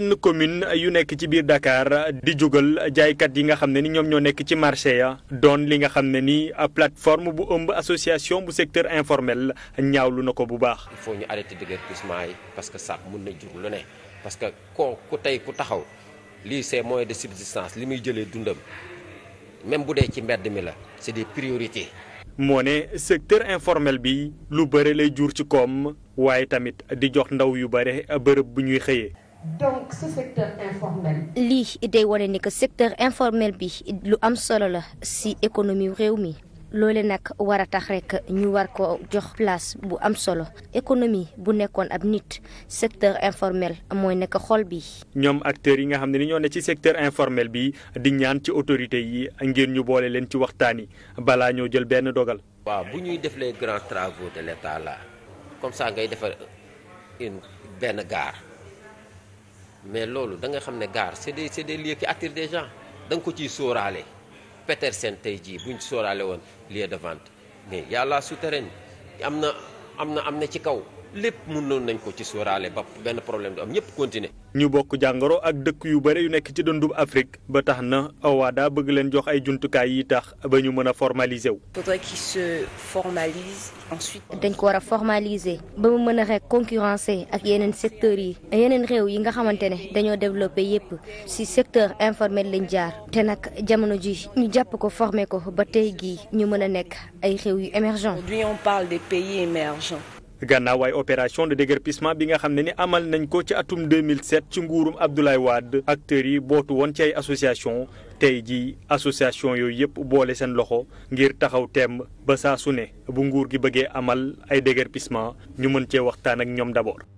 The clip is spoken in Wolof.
cinquantaine commune yu nekk ci biir Dakar di jógal jaaykat yi nga xam ne ni ñoom ñoo nekk ci marché ya doon li nga xam ne ni plateforme bu ëmb association bu secteur informel ñaawlu na ko bu baax. il faut ñu arrêter déguerpissement yi parce que sax mun na jur lu ne parce que koo tey ku taxaw lii c'est moyen de subsistance li muy jëlee dundam même bu dee ci mbedd mi la c'est des priorités. moo ne secteur informel bi lu bëre lay jur ci koom waaye tamit di jox ndaw yu bare bërëb bu ñuy xëyee. lii day wane ni que secteur informel bi lu am solo la ci économie réew mi. loole nag war a tax rek ñu war ko jox place bu am solo économie bu nekkoon ab nit secteur informel mooy nekk xol bi. ñoom acteur yi nga xam ne ni ñoo ne ci secteur informel bi di ñaan ci autorités yi ngir ñu boole leen ci waxtaan yi balaa ñoo jël benn dogal. waaw bu ñuy def les grands travaux de l'État là ngay defar benn gare. mais loolu da nga xam ne gare c'est des c'est des lieux qui attirent des gens da nga ko ciy sóoraale Petersen tey jii buñ sóoraale woon lieu de vente mais yàlla souterraine am na am na am na ci kaw lépp mënoon nañ ko ci sóoraale ba benn problème du am ñëpp continuer ñu bokk jàngoro ak dëkk yu bare yu nekk ci dëndub Afrique ba tax na OHADA bëgg leen jox ay jumtukaay yi tax ba ñu mën a formaliser wu. dañ ko war a formaliser ba mu mën a rek concurrencer ak yeneen secteurs yi yeneen réew yi nga xamante ne dañoo développé yépp ci secteur informel lañ jaar te nag jamono ji ñu jàpp ko former ko ba tey gii ñu mën a nekk ay réew yu émergents. Aujourd'hui on parle des émergents. gannaaw ay opération de déguerpissement bi nga xam ne ni amal nañ ko ci atum 2007 ci nguurum Abdoulaye Wade acteurs yi bootu woon ci ay association tey jii association yooyu yëpp boole seen loxo ngir taxaw temb ba saa su ne bu nguur gi bëggee amal ay déguerpissement ñu mën cee waxtaan ak ñoom d'abord